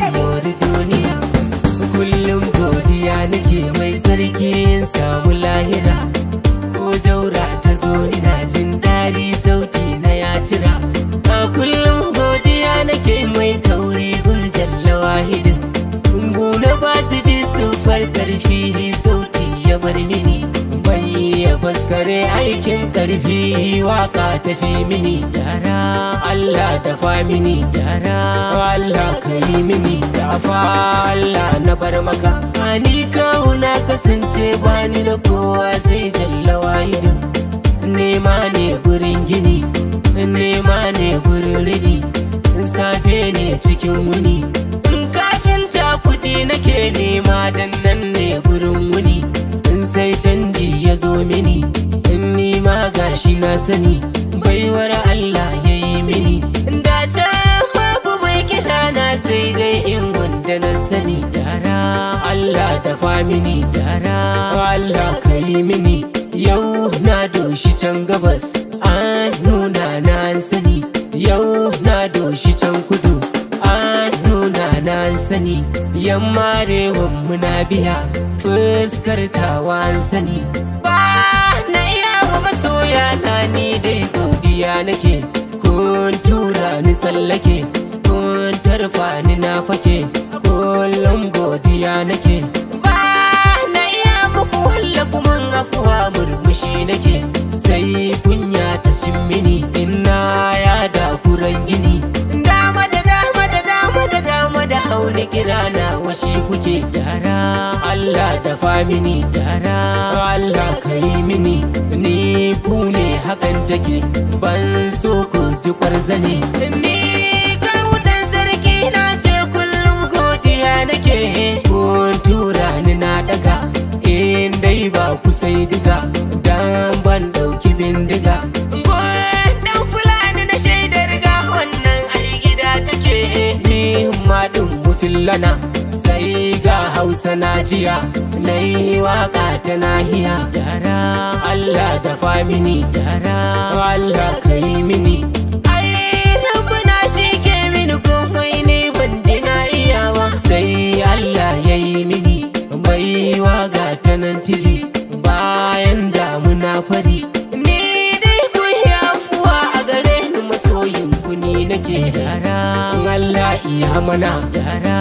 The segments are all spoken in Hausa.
sarkin duniya kullum godiya nake mai sarki in samu lahira ko jaura ta zo na jin dari sauti na ya cira a kullum godiya nake mai kauri gun jalla wahidin kungu na ba su bi su far karfi sauti ya bar mini Sai aikin karfi waka tafi mini dara Allah dafa mini dara Allah ka yi mini dafa Allah na bar maka ani kawuna kasance bani da kowa sai jallawa idin nema ne burin gini nema ne burin rigi safe ne cikin wuni tun kafin ta kudi nake nema dan nan ne gurin wuni sai canji ya zo mini tashi na sani baiwar Allah ya yi mini da ta babu mai kira na sai dai in wanda na sani dara Allah dafa mini dara Allah ka yi mini yau na doshi can gabas an nuna na sani yau na doshi can kudu an nuna na sani yamma rewan muna biya fuskar tawa sani nake kun tura ni tsallake kun tarfa ni na fake kullum godiya nake ba na iya muku walla kuma afuwa murmushi nake sai kunya ta cimmini mini ina ya da kuran gini dama da dama da dama da hauni kira na washi kuke dara Allah da famini dara Allah hakan take ban so ku ji kwarzane ni kawunan sarki na ce kullum godiya nake kun tura ni na daga in dai ba ku sai diga dan ban dauki bindiga dan fulani na shaidar ga wannan ai gida take ma din sai ga hausa na jiya na yi waka ta nahiya dara allah da famini dara allah ka yi mini na shi ke mini komai ne ban ji na sai allah ya yi mini mai waga ta nan bayan damuna fari ne Allah iya mana gyara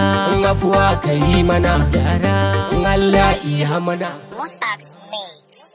afuwa ka yi mana gyara Allah iya mana Musab's Mix